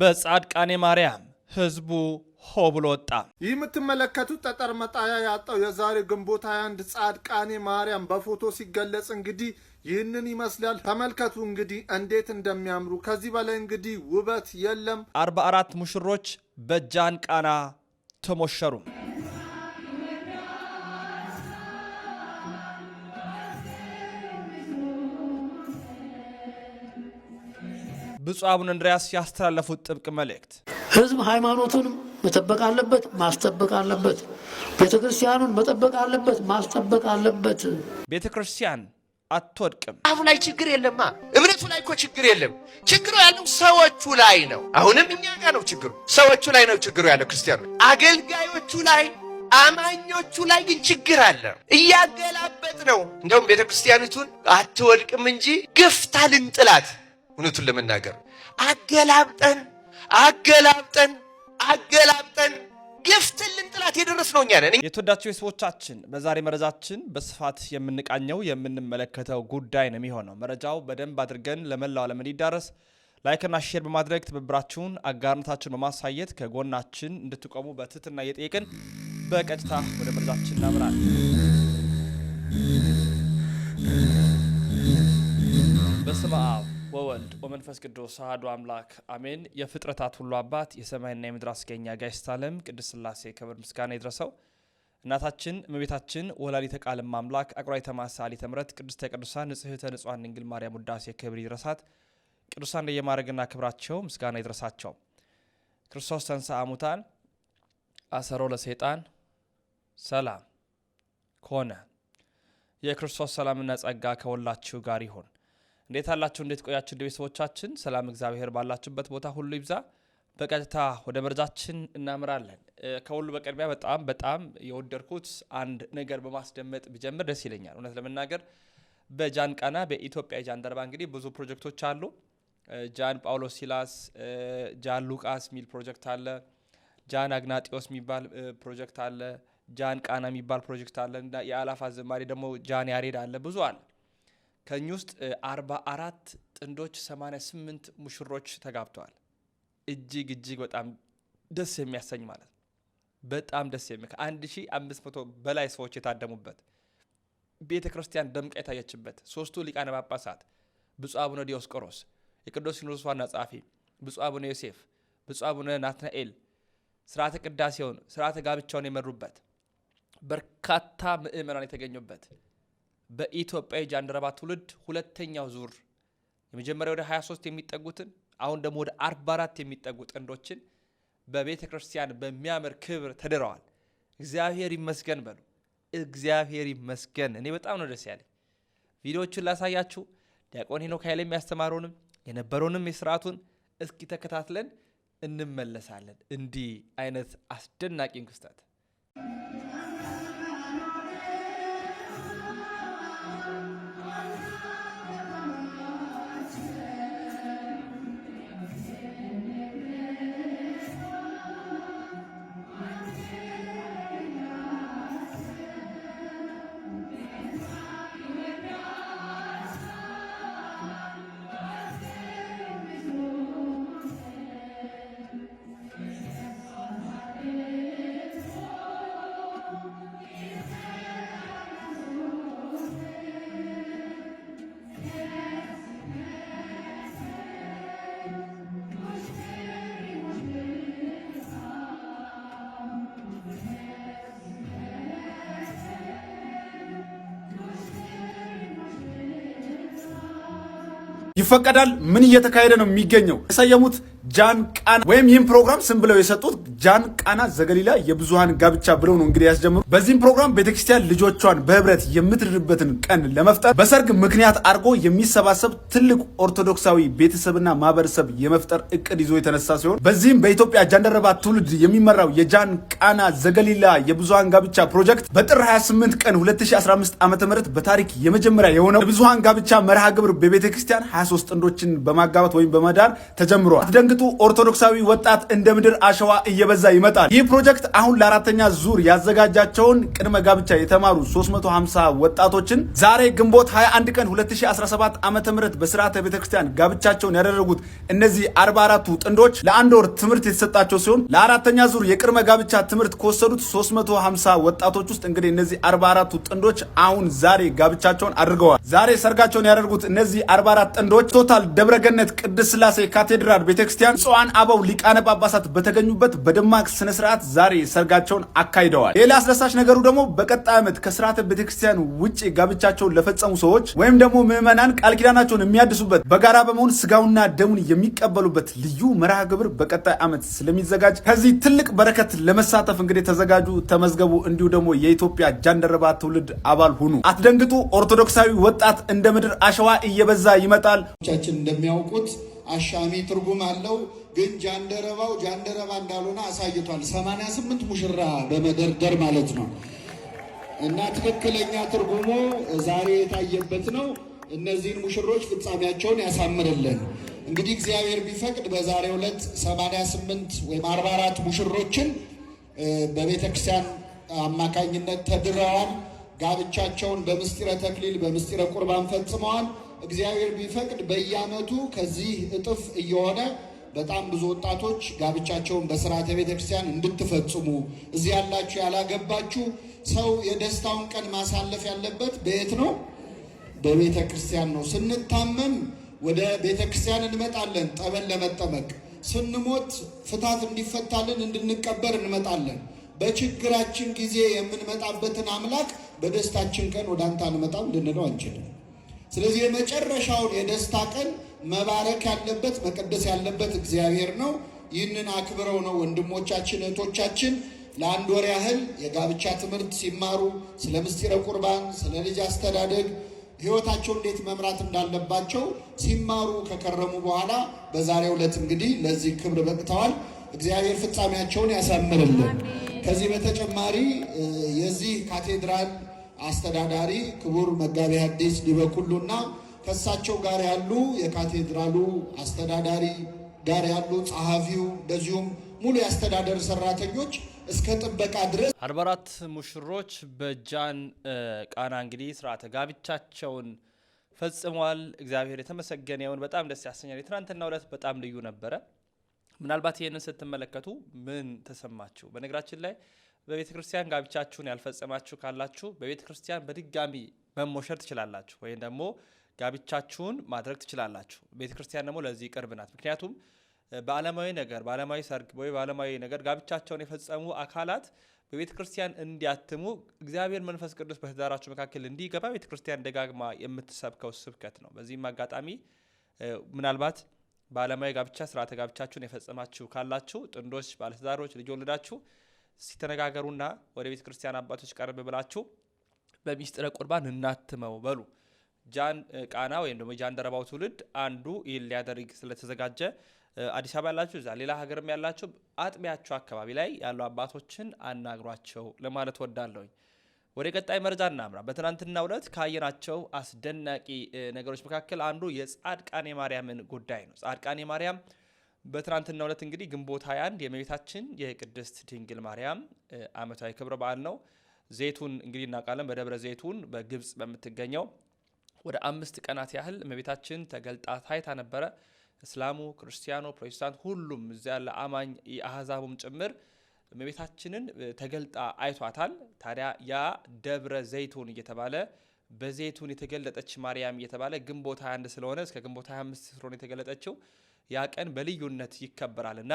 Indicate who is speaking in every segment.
Speaker 1: በጻድቃኔ ማርያም ህዝቡ ሆ ብሎ ወጣ። ይህ የምትመለከቱት ጠጠር መጣያ ያጣው የዛሬው ግንቦት 21 ጻድቃኔ ማርያም በፎቶ ሲገለጽ እንግዲህ ይህንን ይመስላል። ተመልከቱ እንግዲህ እንዴት እንደሚያምሩ። ከዚህ በላይ እንግዲህ ውበት የለም። 44 ሙሽሮች በጃን ቃና ተሞሸሩ። ብፁዕ አቡነ እንድርያስ ያስተላለፉት ጥብቅ መልእክት
Speaker 2: ህዝብ ሃይማኖቱንም መጠበቅ አለበት፣ ማስጠበቅ አለበት። ቤተ ክርስቲያኑን መጠበቅ አለበት፣ ማስጠበቅ አለበት።
Speaker 1: ቤተ ክርስቲያን አትወድቅም።
Speaker 2: አሁን ላይ ችግር የለማ። እምነቱ ላይ እኮ ችግር የለም። ችግሩ ያለው ሰዎቹ ላይ ነው። አሁንም እኛ ጋር ነው ችግሩ። ሰዎቹ ላይ ነው ችግሩ ያለው። ክርስቲያኑ አገልጋዮቹ ላይ አማኞቹ ላይ ግን ችግር አለ። እያገላበጥ ነው። እንደውም ቤተ ክርስቲያኒቱን አትወድቅም እንጂ ገፍታ ልንጥላት እውነቱን ለመናገር አገላብጠን አገላብጠን አገላብጠን ገፍተልን ጥላት የደረስ ነው እኛ ነን።
Speaker 1: የተወዳቸው የሰዎቻችን በዛሬ መረጃችን በስፋት የምንቃኘው የምንመለከተው ጉዳይ ነው የሚሆነው። መረጃው በደንብ አድርገን ለመላው ዓለም እንዲዳረስ ላይክና ሼር በማድረግ ትብብራችሁን አጋርነታችሁን በማሳየት ከጎናችን እንድትቆሙ በትህትና እየጠየቅን በቀጥታ ወደ መረጃችን እናምራለን። በስመ አብ ወወልድ ወመንፈስ ቅዱስ አህዶ አምላክ አሜን። የፍጥረታት ሁሉ አባት የሰማይና የምድር አስገኛ ጋይስት ዓለም ቅድስት ስላሴ ክብር ምስጋና ይድረሰው። እናታችን እመቤታችን ወላዲተ ቃል አምላክ አቁራይ ተማሳሊ ተምረት ቅድስተ ቅዱሳን ንጽሕተ ንጹሐን ድንግል ማርያም ውዳሴ ክብር ይድረሳት። ቅዱሳን እንደየማዕረግና ክብራቸው ምስጋና ይድረሳቸው። ክርስቶስ ተንሥአ እሙታን አሰሮ ለሰይጣን ሰላም ኮነ። የክርስቶስ ሰላምና ጸጋ ከወላችሁ ጋር ይሁን። እንዴት አላችሁ? እንዴት ቆያችሁ? እንደ ቤተሰቦቻችን ሰላም እግዚአብሔር ባላችሁበት ቦታ ሁሉ ይብዛ። በቀጥታ ወደ መረጃችን እናምራለን። ከሁሉ በቅድሚያ በጣም በጣም የወደድኩት አንድ ነገር በማስደመጥ ብጀምር ደስ ይለኛል። እውነት ለመናገር በጃን ቃና በኢትዮጵያ የጃንደረባ እንግዲህ ብዙ ፕሮጀክቶች አሉ። ጃን ጳውሎስ ሲላስ፣ ጃን ሉቃስ የሚል ፕሮጀክት አለ። ጃን አግናጢዎስ የሚባል ፕሮጀክት አለ። ጃን ቃና የሚባል ፕሮጀክት አለ። የአላፋ ዘማሪ ደግሞ ጃን ያሬድ አለ። ብዙ አለ ከእኚህ ውስጥ 44 ጥንዶች 88 ሙሽሮች ተጋብተዋል። እጅግ እጅግ በጣም ደስ የሚያሰኝ ማለት ነው። በጣም ደስ የሚ ከ1500 በላይ ሰዎች የታደሙበት ቤተ ክርስቲያን ደምቃ የታየችበት ሶስቱ ሊቃነ ጳጳሳት ብፁዕ አቡነ ዲዮስቆሮስ የቅዱስ ሲኖዶስ ዋና ጸሐፊ፣ ብፁዕ አቡነ ዮሴፍ፣ ብፁዕ አቡነ ናትናኤል ስርዓተ ቅዳሴውን ስርዓተ ጋብቻውን የመሩበት በርካታ ምእመናን የተገኙበት በኢትዮጵያ የጃንደረባ ትውልድ ሁለተኛው ዙር የመጀመሪያ ወደ 23 የሚጠጉትን አሁን ደግሞ ወደ 44 የሚጠጉ ጥንዶችን በቤተ ክርስቲያን በሚያምር ክብር ተድረዋል። እግዚአብሔር ይመስገን በሉ። እግዚአብሔር ይመስገን። እኔ በጣም ነው ደስ ያለኝ። ቪዲዮዎቹን ላሳያችሁ። ዲያቆን ሄኖክ ኃይል የሚያስተማረውንም የነበረውንም የስርዓቱን እስኪ ተከታትለን እንመለሳለን። እንዲህ አይነት አስደናቂ ክስተት ይፈቀዳል? ምን እየተካሄደ ነው የሚገኘው? የሰየሙት ጃን ቃና ወይም ይህን ፕሮግራም ስም ብለው የሰጡት ጃን ቃና ዘገሊላ የብዙሃን ጋብቻ ብለው ነው እንግዲህ ያስጀምሩ። በዚህም ፕሮግራም ቤተክርስቲያን ልጆቿን በህብረት የምትድርበትን ቀን ለመፍጠር በሰርግ ምክንያት አድርጎ የሚሰባሰብ ትልቅ ኦርቶዶክሳዊ ቤተሰብና ማህበረሰብ የመፍጠር እቅድ ይዞ የተነሳ ሲሆን በዚህም በኢትዮጵያ ጃንደረባ ትውልድ የሚመራው የጃን ቃና ዘገሊላ የብዙሃን ጋብቻ ፕሮጀክት በጥር 28 ቀን 2015 ዓ ም በታሪክ የመጀመሪያ የሆነው የብዙሃን ጋብቻ መርሃ ግብር በቤተክርስቲያን 23 ጥንዶችን በማጋባት ወይም በመዳር ተጀምሯል። አትደንግጡ! ኦርቶዶክሳዊ ወጣት እንደ ምድር አሸዋ እየበ እየበዛ ይመጣል። ይህ ፕሮጀክት አሁን ለአራተኛ ዙር ያዘጋጃቸውን ቅድመ ጋብቻ የተማሩ 350 ወጣቶችን ዛሬ ግንቦት 21 ቀን 2017 ዓ ም በስርዓተ ቤተክርስቲያን ጋብቻቸውን ያደረጉት እነዚህ 44ቱ ጥንዶች ለአንድ ወር ትምህርት የተሰጣቸው ሲሆን ለአራተኛ ዙር የቅድመ ጋብቻ ትምህርት ከወሰዱት 350 ወጣቶች ውስጥ እንግዲህ እነዚህ 44ቱ ጥንዶች አሁን ዛሬ ጋብቻቸውን አድርገዋል። ዛሬ ሰርጋቸውን ያደርጉት እነዚህ 44 ጥንዶች ቶታል ደብረገነት ቅድስት ስላሴ ካቴድራል ቤተክርስቲያን ጽዋን አበው ሊቃነ ጳጳሳት በተገኙበት በደ ደማቅ ስነ ስርዓት ዛሬ ሰርጋቸውን አካሂደዋል። ሌላ አስደሳች ነገሩ ደግሞ በቀጣይ ዓመት ከስርዓተ ቤተክርስቲያን ውጭ ጋብቻቸውን ለፈጸሙ ሰዎች ወይም ደግሞ ምዕመናን ቃል ኪዳናቸውን የሚያድሱበት በጋራ በመሆን ስጋውና ደሙን የሚቀበሉበት ልዩ መርሃ ግብር በቀጣይ ዓመት ስለሚዘጋጅ ከዚህ ትልቅ በረከት ለመሳተፍ እንግዲህ ተዘጋጁ፣ ተመዝገቡ። እንዲሁ ደግሞ የኢትዮጵያ ጃንደረባ ትውልድ አባል ሁኑ። አትደንግጡ። ኦርቶዶክሳዊ ወጣት እንደ ምድር አሸዋ እየበዛ ይመጣል።
Speaker 2: ቻችን እንደሚያውቁት አሻሚ ትርጉም አለው። ግን ጃንደረባው ጃንደረባ እንዳልሆነ አሳይቷል። 88 ሙሽራ በመደርደር ማለት ነው። እና ትክክለኛ ትርጉሙ ዛሬ የታየበት ነው። እነዚህን ሙሽሮች ፍጻሜያቸውን ያሳምርልን። እንግዲህ እግዚአብሔር ቢፈቅድ በዛሬው ዕለት 88 ወይም 44 ሙሽሮችን በቤተ ክርስቲያን አማካኝነት ተድረዋል። ጋብቻቸውን በምስጢረ ተክሊል በምስጢረ ቁርባን ፈጽመዋል። እግዚአብሔር ቢፈቅድ በየዓመቱ ከዚህ እጥፍ እየሆነ በጣም ብዙ ወጣቶች ጋብቻቸውን በስርዓተ ቤተ ክርስቲያን እንድትፈጽሙ እዚህ ያላችሁ ያላገባችሁ ሰው የደስታውን ቀን ማሳለፍ ያለበት በየት ነው? በቤተ ክርስቲያን ነው። ስንታመም ወደ ቤተ ክርስቲያን እንመጣለን፣ ጠበል ለመጠመቅ ስንሞት ፍታት እንዲፈታልን እንድንቀበር እንመጣለን። በችግራችን ጊዜ የምንመጣበትን አምላክ በደስታችን ቀን ወደ አንተ አንመጣም ልንለው አንችልም። ስለዚህ የመጨረሻውን የደስታ ቀን መባረክ ያለበት መቀደስ ያለበት እግዚአብሔር ነው። ይህንን አክብረው ነው ወንድሞቻችን እህቶቻችን ለአንድ ወር ያህል የጋብቻ ትምህርት ሲማሩ ስለ ምስጢረ ቁርባን፣ ስለ ልጅ አስተዳደግ ህይወታቸው እንዴት መምራት እንዳለባቸው ሲማሩ ከከረሙ በኋላ በዛሬው ዕለት እንግዲህ ለዚህ ክብር በቅተዋል። እግዚአብሔር ፍጻሜያቸውን ያሳምርልን። ከዚህ በተጨማሪ የዚህ ካቴድራል አስተዳዳሪ ክቡር መጋቤ ሐዲስ ሊበኩሉና ከእሳቸው ጋር ያሉ የካቴድራሉ አስተዳዳሪ ጋር ያሉ ጸሐፊው፣ እንደዚሁም ሙሉ የአስተዳደር ሰራተኞች እስከ ጥበቃ ድረስ
Speaker 1: አርባ አራት ሙሽሮች በጃን ቃና እንግዲህ ስርዓተ ጋብቻቸውን ፈጽመዋል። እግዚአብሔር የተመሰገነ ይሁን። በጣም ደስ ያሰኛል። የትናንትና ዕለት በጣም ልዩ ነበረ። ምናልባት ይህንን ስትመለከቱ ምን ተሰማችሁ? በነገራችን ላይ በቤተ ክርስቲያን ጋብቻችሁን ያልፈጸማችሁ ካላችሁ በቤተ ክርስቲያን በድጋሚ መሞሸር ትችላላችሁ ወይም ደግሞ ጋብቻችሁን ማድረግ ትችላላችሁ። ቤተ ክርስቲያን ደግሞ ለዚህ ቅርብ ናት። ምክንያቱም በዓለማዊ ነገር በዓለማዊ ሰርግ ወይ በዓለማዊ ነገር ጋብቻቸውን የፈጸሙ አካላት በቤተ ክርስቲያን እንዲያትሙ እግዚአብሔር መንፈስ ቅዱስ በትዳራችሁ መካከል እንዲገባ ቤተ ክርስቲያን ደጋግማ የምትሰብከው ስብከት ነው። በዚህም አጋጣሚ ምናልባት በዓለማዊ ጋብቻ ስርዓተ ጋብቻችሁን የፈጸማችሁ ካላችሁ ጥንዶች፣ ባለትዳሮች ልጅ ወልዳችሁ ሲተነጋገሩና ወደ ቤተ ክርስቲያን አባቶች ቀርብ ብላችሁ በሚስጥረ ቁርባን እናትመው በሉ። ጃን ቃና ወይም ደግሞ ጃንደረባው ትውልድ አንዱ ይህን ሊያደርግ ስለተዘጋጀ አዲስ አበባ ያላችሁ እዛ ሌላ ሀገርም ያላችሁ አጥሚያቸው አካባቢ ላይ ያሉ አባቶችን አናግሯቸው ለማለት ወዳለሁኝ። ወደ ቀጣይ መረጃ እናምራ። በትናንትናው ዕለት ካየናቸው አስደናቂ ነገሮች መካከል አንዱ የጻድቃኔ ማርያምን ጉዳይ ነው። ጻድቃኔ ማርያም በትናንትናው ዕለት እንግዲህ ግንቦት 21 የእመቤታችን የቅድስት ድንግል ማርያም ዓመታዊ ክብረ በዓል ነው። ዘይቱን እንግዲህ እናውቃለን። በደብረ ዘይቱን በግብጽ በምትገኘው ወደ አምስት ቀናት ያህል እመቤታችን ተገልጣ ታይታ ነበረ። እስላሙ፣ ክርስቲያኑ፣ ፕሮቴስታንት ሁሉም እዚያ ያለ አማኝ የአህዛቡም ጭምር እመቤታችንን ተገልጣ አይቷታል። ታዲያ ያ ደብረ ዘይቱን እየተባለ በዘይቱን የተገለጠች ማርያም እየተባለ ግንቦት 21 ስለሆነ እስከ ግንቦት 25 ስለሆነ የተገለጠችው ያ ቀን በልዩነት ይከበራል እና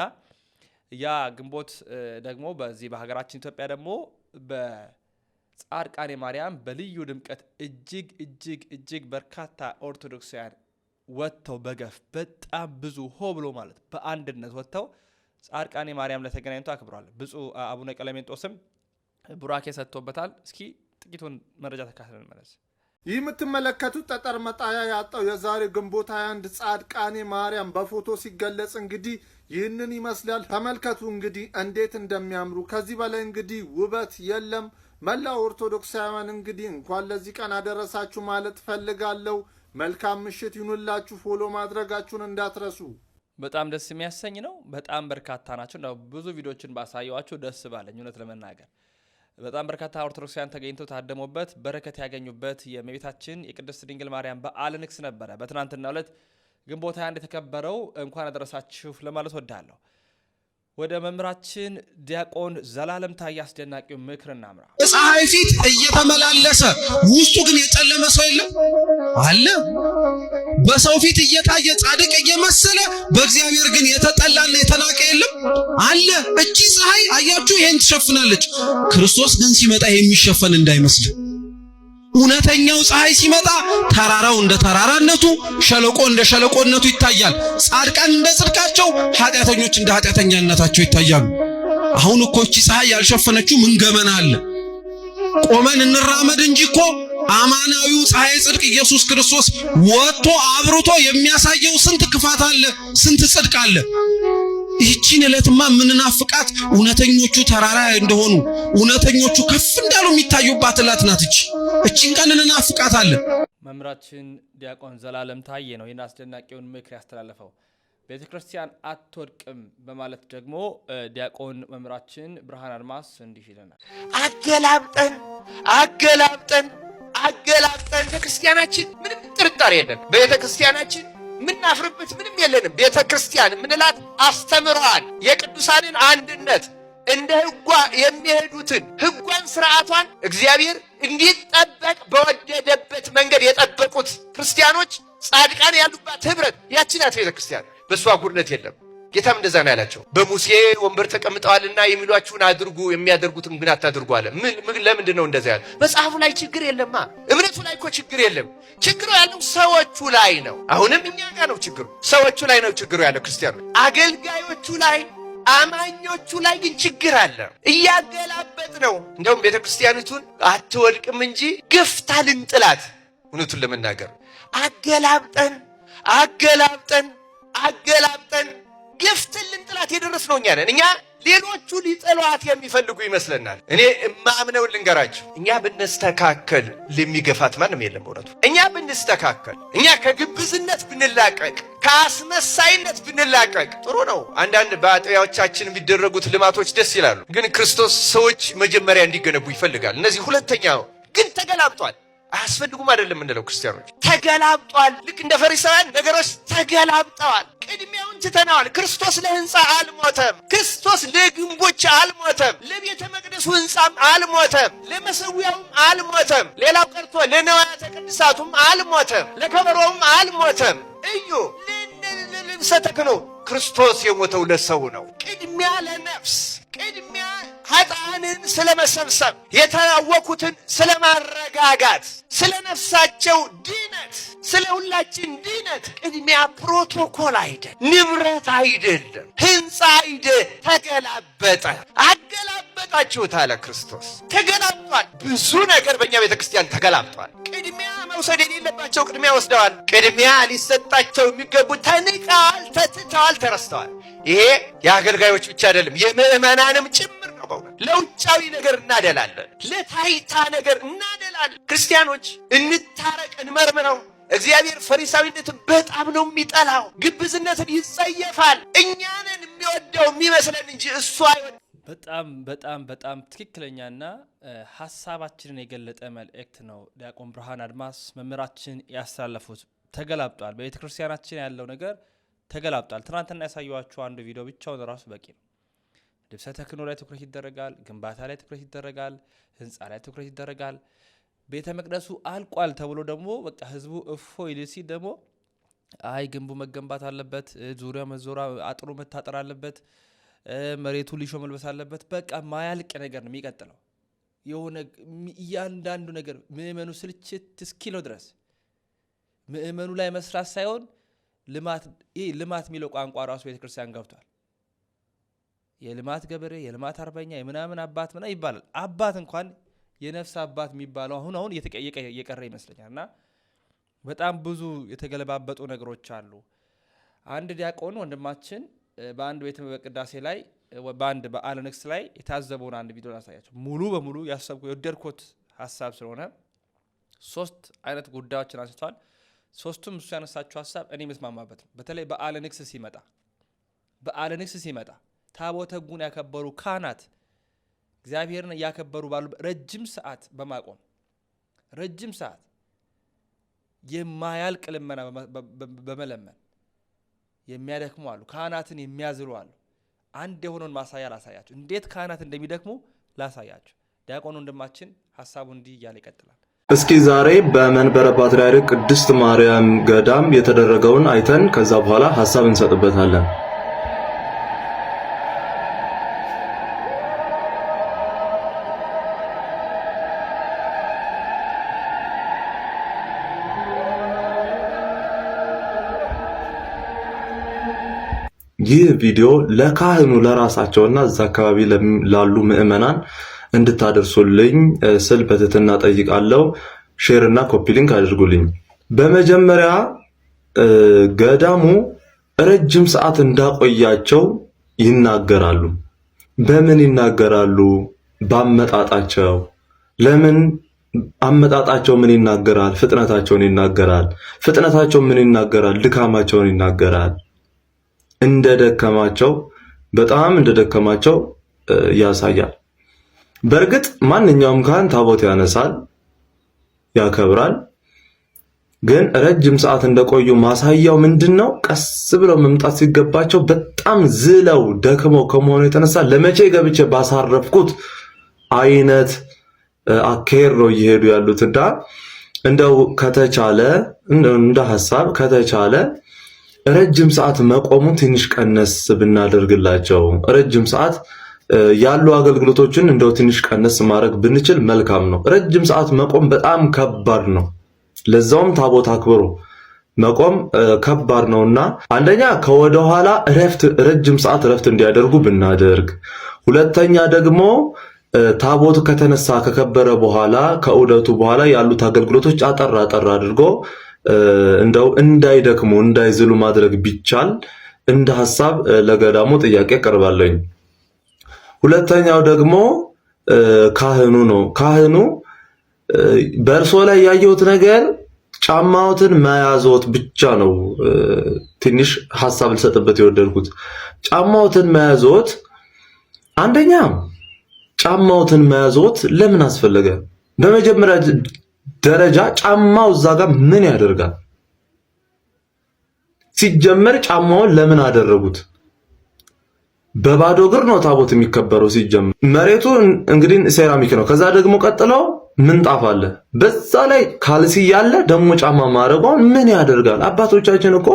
Speaker 1: ያ ግንቦት ደግሞ በዚህ በሀገራችን ኢትዮጵያ ደግሞ ጻድቃኔ ማርያም በልዩ ድምቀት እጅግ እጅግ እጅግ በርካታ ኦርቶዶክሳውያን ወጥተው በገፍ በጣም ብዙ ሆ ብሎ ማለት በአንድነት ወጥተው ጻድቃኔ ማርያም ለተገናኝቶ አክብሯል ብፁዕ አቡነ ቀለሜንጦስም ቡራኬ ሰጥቶበታል። እስኪ ጥቂቱን መረጃ ተካትለን መለስ ይህ የምትመለከቱት ጠጠር መጣያ ያጣው የዛሬው ግንቦት አንድ ጻድቃኔ ማርያም በፎቶ ሲገለጽ እንግዲህ ይህንን ይመስላል። ተመልከቱ እንግዲህ እንዴት እንደሚያምሩ። ከዚህ በላይ እንግዲህ ውበት የለም። መላው ኦርቶዶክሳውያን እንግዲህ እንኳን ለዚህ ቀን አደረሳችሁ ማለት ፈልጋለሁ። መልካም ምሽት ይኑላችሁ። ፎሎ ማድረጋችሁን እንዳትረሱ። በጣም ደስ የሚያሰኝ ነው። በጣም በርካታ ናቸው። ብዙ ቪዲዮችን ባሳየዋቸው ደስ ባለኝ እውነት ለመናገር በጣም በርካታ ኦርቶዶክሳውያን ተገኝተው ታደሙበት በረከት ያገኙበት የእመቤታችን የቅድስት ድንግል ማርያም በዓለ ንግስ ነበረ። በትናንትናው ዕለት ግንቦት አንድ የተከበረው እንኳን አደረሳችሁ ለማለት ወዳለሁ። ወደ መምህራችን ዲያቆን ዘላለም ታዬ አስደናቂው ምክር እናምራ።
Speaker 2: ፀሐይ ፊት እየተመላለሰ ውስጡ ግን የጨለመ ሰው የለም አለ። በሰው ፊት እየታየ ጻድቅ እየመሰለ በእግዚአብሔር ግን የተጠላና የተናቀ የለም አለ። እቺ ፀሐይ አያችሁ፣ ይሄን ትሸፍናለች። ክርስቶስ ግን ሲመጣ የሚሸፈን እንዳይመስል እውነተኛው ፀሐይ ሲመጣ ተራራው እንደ ተራራነቱ፣ ሸለቆ እንደ ሸለቆነቱ ይታያል። ጻድቃን እንደ ጽድቃቸው፣ ኃጢአተኞች እንደ ኃጢአተኛነታቸው ይታያሉ። አሁን እኮ እቺ ፀሐይ ያልሸፈነችው ምን ገመና አለ? ቆመን እንራመድ እንጂ እኮ አማናዊው ፀሐይ ጽድቅ ኢየሱስ ክርስቶስ ወጥቶ አብርቶ የሚያሳየው ስንት ክፋት አለ፣ ስንት ጽድቅ አለ። ይህችን ዕለትማ የምንናፍቃት እውነተኞቹ ተራራ እንደሆኑ እውነተኞቹ ከፍ እንዳሉ የሚታዩባት ዕለት ናት። እች እችን ቀን እንናፍቃታለን።
Speaker 1: መምህራችን ዲያቆን ዘላለም ታየ ነው ይህን አስደናቂውን ምክር ያስተላለፈው። ቤተ ክርስቲያን አትወድቅም በማለት ደግሞ ዲያቆን መምህራችን ብርሃን አድማስ እንዲህ ይለናል።
Speaker 2: አገላብጠን አገላብጠን አገላብጠን ቤተክርስቲያናችን ምንም ጥርጣሬ የለን ቤተክርስቲያናችን የምናፍርበት ምንም የለንም። ቤተ ክርስቲያን የምንላት አስተምሯን የቅዱሳንን አንድነት እንደ ሕጓ የሚሄዱትን ሕጓን ስርዓቷን እግዚአብሔር እንዲጠበቅ በወደደበት መንገድ የጠበቁት ክርስቲያኖች ጻድቃን ያሉባት ኅብረት ያችናት ቤተክርስቲያን ቤተ ክርስቲያን። በእሷ ጉድለት የለም። ጌታም እንደዛ ነው ያላቸው። በሙሴ ወንበር ተቀምጠዋልና የሚሏችሁን አድርጉ፣ የሚያደርጉትም ግን አታድርጉ አለ። ምን ለምንድን ነው እንደዛ ያለ? መጽሐፉ ላይ ችግር የለማ፣ እምነቱ ላይ እኮ ችግር የለም። ችግሩ ያለው ሰዎቹ ላይ ነው። አሁንም እኛ ጋር ነው ችግሩ፣ ሰዎቹ ላይ ነው ችግሩ ያለው። ክርስቲያኖች አገልጋዮቹ ላይ አማኞቹ ላይ ግን ችግር አለ። እያገላበጥ ነው። እንደውም ቤተ ክርስቲያኒቱን አትወድቅም እንጂ ገፍታ ልንጥላት። እውነቱን ለመናገር አገላብጠን አገላብጠን አገላብጠን ገፍተልን ጥላት የደረስነው እኛ ነን። እኛ ሌሎቹ ሊጠሏት የሚፈልጉ ይመስለናል። እኔ እማምነውን ልንገራቸው፣ እኛ ብንስተካከል ለሚገፋት ማንም የለም። እውነቱ እኛ ብንስተካከል፣ እኛ ከግብዝነት ብንላቀቅ፣ ከአስመሳይነት ብንላቀቅ ጥሩ ነው። አንዳንድ በአጥቢያዎቻችን የሚደረጉት ልማቶች ደስ ይላሉ፣ ግን ክርስቶስ ሰዎች መጀመሪያ እንዲገነቡ ይፈልጋል። እነዚህ ሁለተኛው ግን ተገላብጧል። አያስፈልጉም አይደለም የምንለው ክርስቲያኖች ተገላብጧል። ልክ እንደ ፈሪሳውያን ነገሮች ተገላብጠዋል። ቅድሚያውን ትተነዋል። ክርስቶስ ለህንፃ አልሞተም። ክርስቶስ ለግንቦች አልሞተም። ለቤተ መቅደሱ ህንፃም አልሞተም። ለመሰዊያውም አልሞተም። ሌላው ቀርቶ ለነዋያተ ቅድሳቱም አልሞተም። ለከበሮውም አልሞተም። እዩ ልብሰ ተክህኖ ክርስቶስ የሞተው ለሰው ነው። ቅድሚያ ለነፍስ ቅድሚያ ኃጥአንን ስለመሰብሰብ የታወኩትን ስለማረጋጋት፣ ስለ ነፍሳቸው ድነት፣ ስለ ሁላችን ድነት ቅድሚያ ፕሮቶኮል አይደል፣ ንብረት አይደለም፣ ህንፃ አይደ ተገላበጠ አገላበጣችሁት አለ ክርስቶስ። ተገላብጧል። ብዙ ነገር በእኛ ቤተ ክርስቲያን ተገላብጧል። ቅድሚያ መውሰድ የሌለባቸው ቅድሚያ ወስደዋል። ቅድሚያ ሊሰጣቸው የሚገቡ ተንቃል፣ ተትተዋል፣ ተረስተዋል። ይሄ የአገልጋዮች ብቻ አይደለም፣ የምዕመናንም ጭምር ነው። በእውነት ለውጫዊ ነገር እናደላለን፣ ለታይታ ነገር እናደላለን። ክርስቲያኖች እንታረቅ፣ እንመርምረው። እግዚአብሔር ፈሪሳዊነትን በጣም ነው የሚጠላው፣ ግብዝነትን ይጸየፋል። እኛንን የሚወደው የሚመስለን እንጂ እሱ አይወደው።
Speaker 1: በጣም በጣም በጣም ትክክለኛና ሀሳባችንን የገለጠ መልእክት ነው ዲያቆን ብርሃን አድማስ መምህራችን ያስተላለፉት። ተገላብጧል። በቤተ ክርስቲያናችን ያለው ነገር ተገላብጧል። ትናንትና ያሳየኋችሁ አንዱ ቪዲዮ ብቻውን ራሱ በቂ ነው። ልብሰ ተክኖ ላይ ትኩረት ይደረጋል፣ ግንባታ ላይ ትኩረት ይደረጋል፣ ህንፃ ላይ ትኩረት ይደረጋል። ቤተ መቅደሱ አልቋል ተብሎ ደግሞ በቃ ህዝቡ እፎ ይልሲ ደግሞ አይ ግንቡ መገንባት አለበት፣ ዙሪያ መዞራ አጥሩ መታጠር አለበት፣ መሬቱ ሊሾ መልበስ አለበት። በቃ ማያልቅ ነገር ነው የሚቀጥለው የሆነ እያንዳንዱ ነገር ምእመኑ ስልችት እስኪለው ድረስ ምእመኑ ላይ መስራት ሳይሆን ይህ ልማት የሚለው ቋንቋ ራሱ ቤተክርስቲያን ገብቷል። የልማት ገበሬ፣ የልማት አርበኛ፣ የምናምን አባት ምና ይባላል። አባት እንኳን የነፍስ አባት የሚባለው አሁን አሁን እየቀረ ይመስለኛል። እና በጣም ብዙ የተገለባበጡ ነገሮች አሉ። አንድ ዲያቆን ወንድማችን በአንድ ቤተ በቅዳሴ ላይ በአንድ በዓለ ንግስ ላይ የታዘበውን አንድ ቪዲዮ ላሳያቸው። ሙሉ በሙሉ ያሰብኩ የወደድኩት ሀሳብ ስለሆነ ሶስት አይነት ጉዳዮችን አንስቷል። ሶስቱም እሱ ያነሳቸው ሀሳብ እኔ የምስማማበት ነው። በተለይ በዓለ ንግስ ሲመጣ በዓለ ንግስ ሲመጣ ታቦተ ሕጉን ያከበሩ ካህናት እግዚአብሔርን እያከበሩ ባሉ ረጅም ሰዓት በማቆም ረጅም ሰዓት የማያልቅ ልመና በመለመን የሚያደክሙ አሉ፣ ካህናትን የሚያዝሉ አሉ። አንድ የሆነውን ማሳያ ላሳያቸው፣ እንዴት ካህናት እንደሚደክሙ ላሳያቸው። ዲያቆን ወንድማችን ሀሳቡ እንዲህ እያለ ይቀጥላል። እስኪ ዛሬ በመንበረ ፓትርያርክ ቅድስት ማርያም ገዳም የተደረገውን አይተን ከዛ በኋላ ሀሳብ እንሰጥበታለን። ይህ ቪዲዮ ለካህኑ ለራሳቸውና እዛ አካባቢ ላሉ ምዕመናን እንድታደርሱልኝ ስል በትህትና ጠይቃለሁ። ሼር እና ኮፒ ሊንክ አድርጉልኝ። በመጀመሪያ ገዳሙ ረጅም ሰዓት እንዳቆያቸው ይናገራሉ። በምን ይናገራሉ? በአመጣጣቸው። ለምን አመጣጣቸው ምን ይናገራል? ፍጥነታቸውን ይናገራል። ፍጥነታቸው ምን ይናገራል? ድካማቸውን ይናገራል። እንደደከማቸው በጣም እንደደከማቸው ያሳያል። በእርግጥ ማንኛውም ካህን ታቦት ያነሳል፣ ያከብራል። ግን ረጅም ሰዓት እንደቆዩ ማሳያው ምንድን ነው? ቀስ ብለው መምጣት ሲገባቸው በጣም ዝለው ደክመው ከመሆኑ የተነሳ ለመቼ ገብቼ ባሳረፍኩት አይነት አካሄድ ነው እየሄዱ ያሉት እና እንደው ከተቻለ እንደ ሀሳብ ከተቻለ ረጅም ሰዓት መቆሙን ትንሽ ቀነስ ብናደርግላቸው ረጅም ሰዓት ያሉ አገልግሎቶችን እንደው ትንሽ ቀነስ ማድረግ ብንችል መልካም ነው። ረጅም ሰዓት መቆም በጣም ከባድ ነው። ለዛውም ታቦት አክብሮ መቆም ከባድ ነውና አንደኛ ከወደኋላ እረፍት ረጅም ሰዓት እረፍት እንዲያደርጉ ብናደርግ፣ ሁለተኛ ደግሞ ታቦት ከተነሳ ከከበረ በኋላ ከዑደቱ በኋላ ያሉት አገልግሎቶች አጠር አጠር አድርጎ እንደው እንዳይደክሙ እንዳይዝሉ ማድረግ ቢቻል እንደ ሀሳብ ለገዳሙ ጥያቄ ቀርባለኝ። ሁለተኛው ደግሞ ካህኑ ነው። ካህኑ በእርሶ ላይ ያየሁት ነገር ጫማዎትን መያዞት ብቻ ነው። ትንሽ ሀሳብ ልሰጥበት የወደድኩት ጫማዎትን መያዞት፣ አንደኛ ጫማዎትን መያዞት ለምን አስፈለገ? በመጀመሪያ ደረጃ ጫማው እዛ ጋር ምን ያደርጋል? ሲጀመር ጫማውን ለምን አደረጉት? በባዶ እግር ነው ታቦት የሚከበረው። ሲጀምር መሬቱ እንግዲህ ሴራሚክ ነው። ከዛ ደግሞ ቀጥለው ምንጣፍ አለ። በዛ ላይ ካልሲ ያለ ደግሞ ጫማ ማድረጓን ምን ያደርጋል? አባቶቻችን እኮ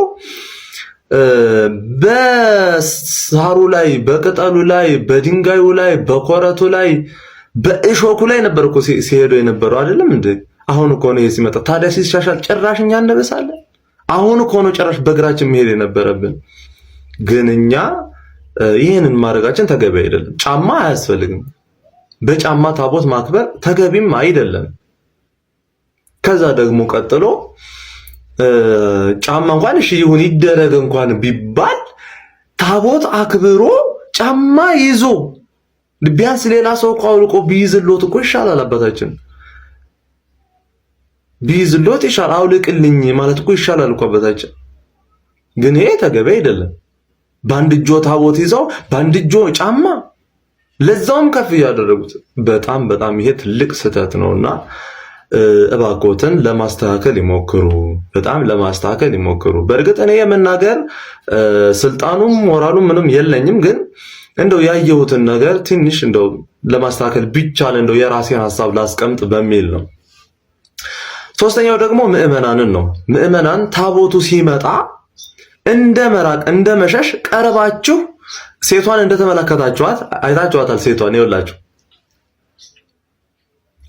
Speaker 1: በሳሩ ላይ፣ በቅጠሉ ላይ፣ በድንጋዩ ላይ፣ በኮረቱ ላይ፣ በእሾኩ ላይ ነበር እኮ ሲሄዱ የነበረው አይደለም እንዴ? አሁን እኮ ነው ሲመጣ። ታዲያ ሲሻሻል ጭራሽ እኛ እንበሳለን። አሁን እኮ ነው ጭራሽ በእግራችን መሄድ የነበረብን ግን እኛ ይህንን ማድረጋችን ተገቢ አይደለም። ጫማ አያስፈልግም። በጫማ ታቦት ማክበር ተገቢም አይደለም። ከዛ ደግሞ ቀጥሎ ጫማ እንኳን እሺ ይሁን ይደረግ እንኳን ቢባል ታቦት አክብሮ ጫማ ይዞ ቢያንስ ሌላ ሰው እኮ አውልቆ ቢይዝሎት እኮ ይሻላል። አባታችን ቢይዝሎት ይሻላል፣ አውልቅልኝ ማለት እኮ ይሻላል እኮ አባታችን። ግን ይሄ ተገቢ አይደለም። በአንድ እጆ ታቦት ይዘው በአንድ እጆ ጫማ ለዛውም ከፍ እያደረጉት። በጣም በጣም ይሄ ትልቅ ስህተት ነውና እባኮትን ለማስተካከል ይሞክሩ፣ በጣም ለማስተካከል ይሞክሩ። በእርግጥ እኔ የመናገር ስልጣኑም ሞራሉም ምንም የለኝም፣ ግን እንደው ያየሁትን ነገር ትንሽ እንደው ለማስተካከል ቢቻል እንደው የራሴን ሀሳብ ላስቀምጥ በሚል ነው። ሶስተኛው ደግሞ ምዕመናንን ነው። ምዕመናን ታቦቱ ሲመጣ እንደ መራቅ እንደ መሸሽ ቀርባችሁ ሴቷን እንደተመለከታችኋት አይታችኋታል። ሴቷን ይኸውላችሁ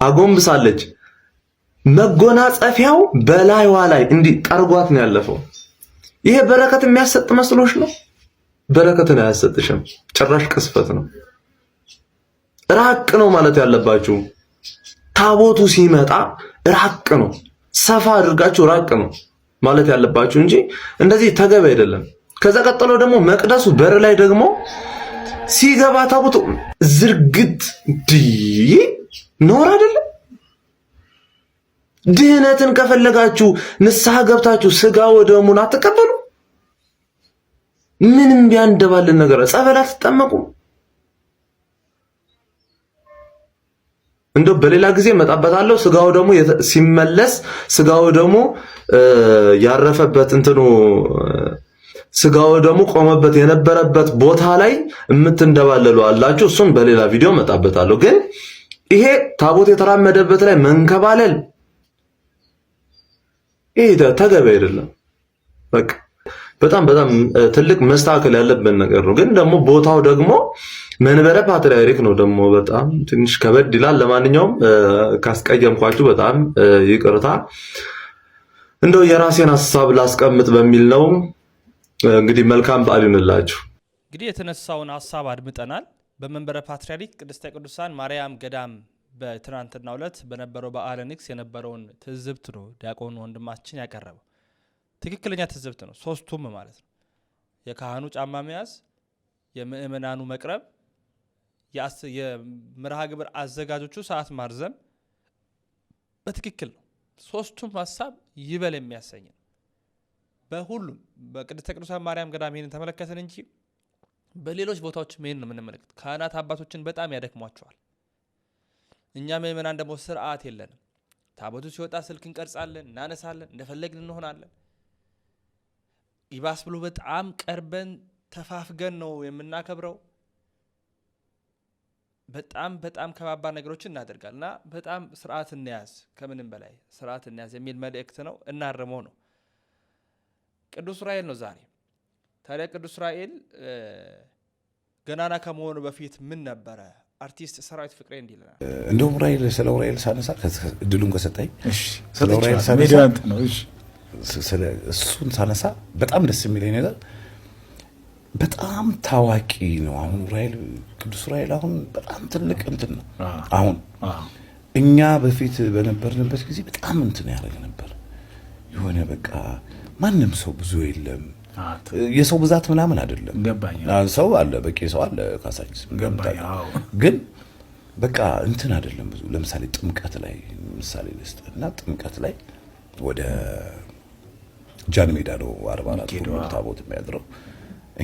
Speaker 1: አጎንብሳለች። መጎናጸፊያው በላይዋ ላይ እንዲህ ጠርጓት ነው ያለፈው። ይሄ በረከት የሚያሰጥ መስሎሽ ነው? በረከትን አያሰጥሽም። ጭራሽ ቅስፈት ነው። ራቅ ነው ማለት ያለባችሁ። ታቦቱ ሲመጣ ራቅ ነው፣ ሰፋ አድርጋችሁ ራቅ ነው። ማለት ያለባችሁ እንጂ እንደዚህ ተገቢ አይደለም። ከዛ ቀጥሎ ደግሞ መቅደሱ በር ላይ ደግሞ ሲገባ ታቦቱ ዝርግት ድይ ኖር አይደለም። ድህነትን ከፈለጋችሁ ንስሐ ገብታችሁ ስጋ ወደሙን አትቀበሉ። ምንም ቢያንደባልን ነገር ጸበል አትጠመቁም። እንዶ በሌላ ጊዜ መጣበታለሁ። ስጋው ደግሞ ሲመለስ ስጋው ደግሞ ያረፈበት እንትኑ ስጋው ደግሞ ቆመበት የነበረበት ቦታ ላይ የምትንደባለሉ አላችሁ። እሱን በሌላ ቪዲዮ መጣበታለሁ። ግን ይሄ ታቦት የተራመደበት ላይ መንከባለል ይሄ ተገቢ አይደለም። በቃ በጣም በጣም ትልቅ መስተካከል ያለብን ነገር ነው። ግን ደግሞ ቦታው ደግሞ መንበረ ፓትርያርክ ነው። ደግሞ በጣም ትንሽ ከበድ ይላል። ለማንኛውም ካስቀየምኳችሁ በጣም ይቅርታ። እንደው የራሴን ሀሳብ ላስቀምጥ በሚል ነው። እንግዲህ መልካም በዓል ይሁንላችሁ። እንግዲህ የተነሳውን ሀሳብ አድምጠናል። በመንበረ ፓትርያርክ ቅድስተ ቅዱሳን ማርያም ገዳም በትናንትና ዕለት በነበረው በዓለ ንግስ የነበረውን ትዝብት ነው ዲያቆን ወንድማችን ያቀረበው። ትክክለኛ ትዝብት ነው። ሶስቱም ማለት ነው የካህኑ ጫማ መያዝ፣ የምእመናኑ መቅረብ፣ የምርሃ ግብር አዘጋጆቹ ሰዓት ማርዘም በትክክል ነው። ሶስቱም ሀሳብ ይበል የሚያሰኝ ነው። በሁሉም በቅድስተ ቅዱሳን ማርያም ገዳም ይህንን ተመለከትን እንጂ በሌሎች ቦታዎች ሄን ነው የምንመለከት። ካህናት አባቶችን በጣም ያደክሟቸዋል። እኛ ምእመናን ደግሞ ስርዓት የለንም። ታቦቱ ሲወጣ ስልክ እንቀርጻለን፣ እናነሳለን፣ እንደፈለግን እንሆናለን። ይባስ ብሎ በጣም ቀርበን ተፋፍገን ነው የምናከብረው። በጣም በጣም ከባባድ ነገሮችን እናደርጋል እና በጣም ስርዓት እንያዝ፣ ከምንም በላይ ስርዓት እንያዝ የሚል መልእክት ነው። እናርመው ነው። ቅዱስ ዑራኤል ነው ዛሬ። ታዲያ ቅዱስ ዑራኤል ገናና ከመሆኑ በፊት ምን ነበረ? አርቲስት ሰራዊት ፍቅሬ እንዲህ
Speaker 2: እንደውም ዑራኤል ስለ ዑራኤል ሳነሳ እድሉን ከሰጠኝ ስለ ዑራኤል ሳነሳ እሱን ሳነሳ በጣም ደስ የሚለኝ ነገር በጣም ታዋቂ ነው። አሁን ራይል ቅዱስ ራይል አሁን በጣም ትልቅ እንትን ነው። አሁን እኛ በፊት በነበርንበት ጊዜ በጣም እንትን ያደረግ ነበር። የሆነ በቃ ማንም ሰው ብዙ የለም። የሰው ብዛት ምናምን አይደለም። ሰው አለ፣ በቂ ሰው አለ። ካሳንቺስ ግን በቃ እንትን አይደለም ብዙ። ለምሳሌ ጥምቀት ላይ ምሳሌ ልስጥ እና ጥምቀት ላይ ወደ ጃን ሜዳ ነው አርባ አራት ታቦት የሚያድረው።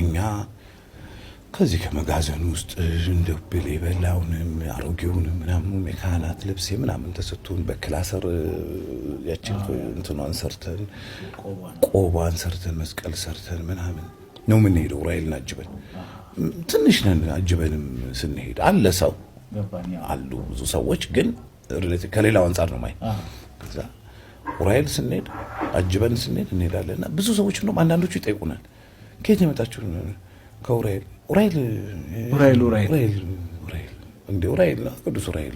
Speaker 2: እኛ ከዚህ ከመጋዘን ውስጥ እንደ ብል የበላውንም አሮጌውንም ምናምኑ የካህናት ልብስ ምናምን ተሰጥቶን በክላሰር ያችን እንትኗን ሰርተን ቆቧን ሰርተን መስቀል ሰርተን ምናምን ነው የምንሄደው ራይልን አጅበን ትንሽ ነን። አጅበንም ስንሄድ አለ ሰው አሉ ብዙ ሰዎች ግን ከሌላው አንጻር ነው ማይ ዑራኤል ስንሄድ አጅበን ስንሄድ እንሄዳለን እና ብዙ ሰዎች እንደውም አንዳንዶቹ ይጠይቁናል፣ ከየት የመጣችሁ ከዑራኤል ዑራኤል ዑራኤል ዑራኤል ቅዱስ ዑራኤል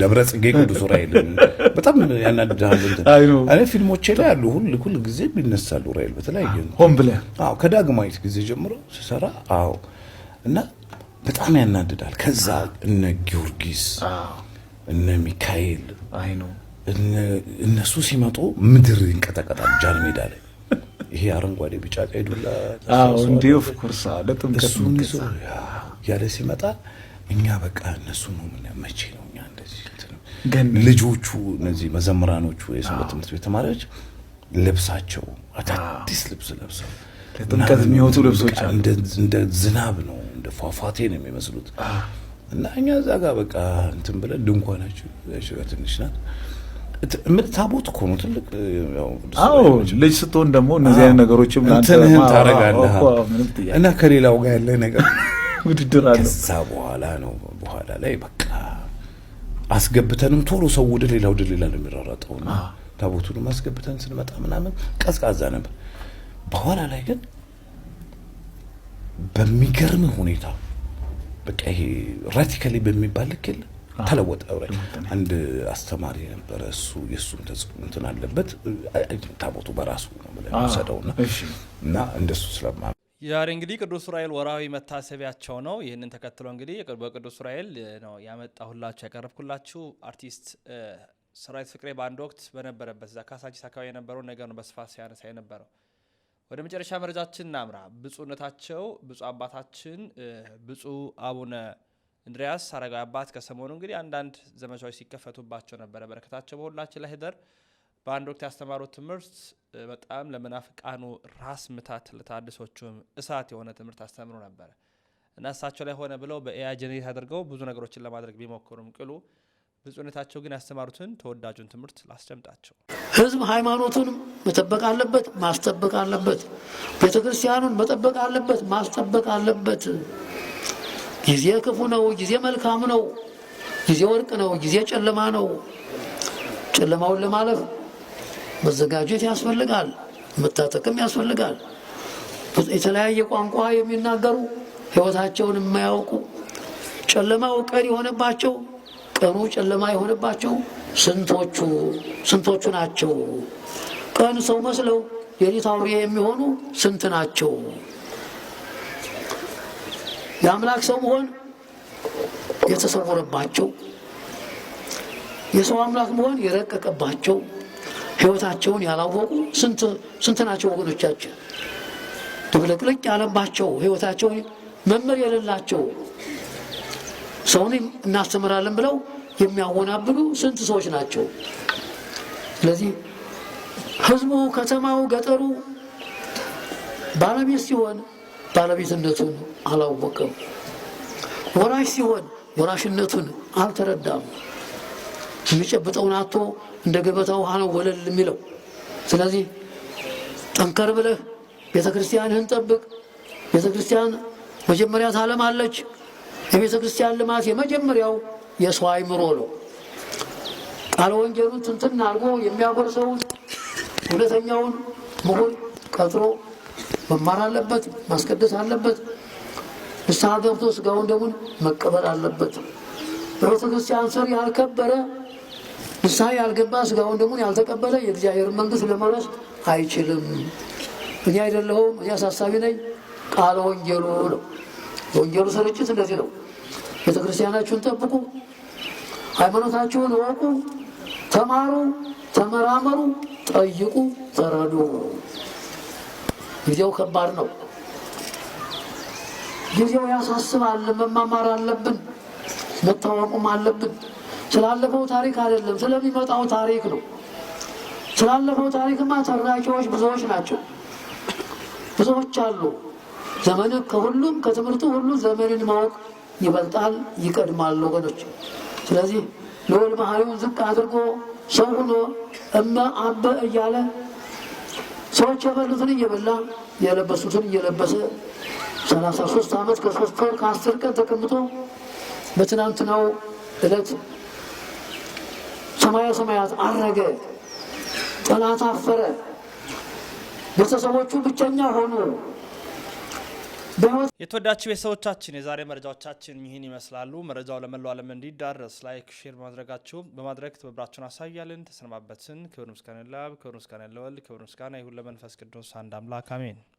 Speaker 2: ደብረ ጽጌ ቅዱስ ዑራኤል በጣም ያናድድሃል። እኔ ፊልሞቼ ላይ ያሉ ሁል ሁል ጊዜ ይነሳሉ ዑራኤል በተለያየ ሆን ብለህ ከዳግማዊት ጊዜ ጀምሮ ስሰራ አዎ። እና በጣም ያናድዳል። ከዛ እነ ጊዮርጊስ እነ ሚካኤል አይ ነው እነሱ ሲመጡ ምድር ይንቀጠቀጣል። ጃል ሜዳ ላይ ይሄ አረንጓዴ ቢጫ ቀይ ዱላ እሱን ይዞ ያለ ሲመጣ እኛ በቃ እነሱ ነው ምን መቼ ነው እኛ እንደዚህ ልጆቹ እነዚህ መዘምራኖቹ የሰንበት ትምህርት ቤት ተማሪዎች ልብሳቸው አዳዲስ ልብስ ለብሰው
Speaker 1: ጥምቀት የሚወጡ ልብሶች
Speaker 2: እንደ ዝናብ ነው እንደ ፏፏቴ ነው የሚመስሉት እና እኛ እዛ ጋር በቃ እንትን ብለን ድንኳናቸው ትንሽ ናት ታቦት እኮ ነው ትልቅ።
Speaker 1: አዎ ልጅ ስትሆን ደግሞ እነዚህ አይነት ነገሮችም
Speaker 2: እንትንህን ታደርጋለህ እና ከሌላው ጋር ያለ ነገር
Speaker 1: ውድድር አለ። ከዛ በኋላ ነው
Speaker 2: በኋላ ላይ በቃ አስገብተንም ቶሎ ሰው ወደ ሌላ ወደ ሌላ ነው የሚራራጠው። እና ታቦቱንም አስገብተን ስንመጣ ምናምን ቀዝቃዛ ነበር። በኋላ ላይ ግን በሚገርም ሁኔታ በቃ ይሄ ራቲካሊ በሚባል ልክ የለም ተለወጠ። አንድ አስተማሪ ነበረ፣ እሱ የእሱም ተጽዕኖ እንትን አለበት። ታቦቱ በራሱ ነው ብለን ሰደውና እና እንደሱ ስለማ
Speaker 1: ዛሬ እንግዲህ ቅዱስ ዑራኤል ወራዊ መታሰቢያቸው ነው። ይህንን ተከትሎ እንግዲህ በቅዱስ ዑራኤል ነው ያመጣሁላችሁ ያቀረብኩላችሁ። አርቲስት ሰራዊት ፍቅሬ በአንድ ወቅት በነበረበት እዛ ካሳንቺስ አካባቢ የነበረው ነገር ነው በስፋት ሲያነሳ የነበረው። ወደ መጨረሻ መረጃችን እናምራ። ብፁዕነታቸው ብፁዕ አባታችን ብፁዕ አቡነ እንድሪያስ አረጋዊ አባት ከሰሞኑ እንግዲህ አንዳንድ ዘመቻዎች ሲከፈቱባቸው ነበረ። በረከታቸው በሁላችን ላይ በአንድ ወቅት ያስተማሩት ትምህርት በጣም ለመናፍቃኑ ራስ ምታት፣ ለታድሶቹም እሳት የሆነ ትምህርት አስተምሩ ነበረ እና እሳቸው ላይ ሆነ ብለው በኤያ ጀኔሬት አድርገው ብዙ ነገሮችን ለማድረግ ቢሞክሩም ቅሉ ብፁዕነታቸው ግን ያስተማሩትን ተወዳጁን ትምህርት ላስደምጣቸው።
Speaker 2: ህዝብ ሃይማኖቱን መጠበቅ አለበት፣ ማስጠበቅ አለበት። ቤተ ክርስቲያኑን መጠበቅ አለበት፣ ማስጠበቅ አለበት። ጊዜ ክፉ ነው፣ ጊዜ መልካም ነው፣ ጊዜ ወርቅ ነው፣ ጊዜ ጨለማ ነው። ጨለማውን ለማለፍ መዘጋጀት ያስፈልጋል፣ መታጠቅም ያስፈልጋል። የተለያየ ቋንቋ የሚናገሩ ህይወታቸውን የማያውቁ ጨለማው ቀን የሆነባቸው ቀኑ ጨለማ የሆነባቸው ስንቶቹ ስንቶቹ ናቸው? ቀን ሰው መስለው የሊት አውሬ የሚሆኑ ስንት ናቸው? የአምላክ ሰው መሆን የተሰወረባቸው፣ የሰው አምላክ መሆን የረቀቀባቸው ህይወታቸውን ያላወቁ ስንት ናቸው ወገኖቻችን? ድብልቅልቅ ያለባቸው ህይወታቸውን መመር የሌላቸው ሰውን እናስተምራለን ብለው የሚያወናብሉ ስንት ሰዎች ናቸው። ስለዚህ ህዝቡ፣ ከተማው፣ ገጠሩ ባለቤት ሲሆን ባለቤትነቱን አላወቀም። ወራሽ ሲሆን ወራሽነቱን አልተረዳም። የሚጨብጠውን አቶ እንደ ገበታ ውሃ ነው ወለል የሚለው። ስለዚህ ጠንከር ብለህ ቤተ ክርስቲያንህን ጠብቅ። ቤተ ክርስቲያን መጀመሪያ ታለማለች። የቤተ ክርስቲያን ልማት የመጀመሪያው የሰው አይምሮ ነው። ቃለ ወንጌሉን ትንትን አድርጎ የሚያጎርሰውን እውነተኛውን ምሁር ቀጥሮ መማር አለበት፣ ማስቀደስ አለበት። ንስሐ ገብቶ ስጋውን ደሙን መቀበል አለበት። በቤተክርስቲያን ስር ያልከበረ ንስሐ ያልገባ ስጋውን ደሙን ያልተቀበለ የእግዚአብሔር መንግስት ለመረስ አይችልም። እኔ አይደለሁም እኔ አሳሳቢ ነኝ። ቃለ ወንጌሉ ነው። የወንጌሉ ስርጭት እንደዚህ ነው። ቤተ ክርስቲያናችሁን ጠብቁ፣ ሃይማኖታችሁን እወቁ፣ ተማሩ፣ ተመራመሩ፣ ጠይቁ፣ ተረዱ። ጊዜው ከባድ ነው። ጊዜው ያሳስባል። መማማር አለብን፣ መታወቁም አለብን። ስላለፈው ታሪክ አይደለም፣ ስለሚመጣው ታሪክ ነው። ስላለፈው ታሪክማ ተራኪዎች ብዙዎች ናቸው፣ ብዙዎች አሉ። ዘመን ከሁሉም ከትምህርቱ ሁሉ ዘመንን ማወቅ ይበልጣል፣ ይቀድማል ወገኖች። ስለዚህ ልዑል ባህሪውን ዝቅ አድርጎ ሰው ሆኖ እመ አበ እያለ ሰዎች የበሉትን እየበላ የለበሱትን እየለበሰ ሰላሳ ሶስት ዓመት ከሶስት ወር ከአስር ቀን ተቀምጦ በትናንትናው ዕለት ሰማያ ሰማያት አረገ። ጠላት አፈረ። ቤተሰቦቹ ብቸኛ ሆኑ። የተወዳችሁ ቤተሰቦቻችን የዛሬ መረጃዎቻችን ይህን ይመስላሉ። መረጃው ለመላው ዓለም እንዲዳረስ ላይክ፣ ሼር ማድረጋችሁ በማድረግ ትብብራችሁን አሳያልን። ተሰነባበትን። ክብር ምስጋና ለአብ፣ ክብር ምስጋና ለወልድ፣ ክብር ምስጋና ይሁን ለመንፈስ ቅዱስ አንድ አምላክ አሜን።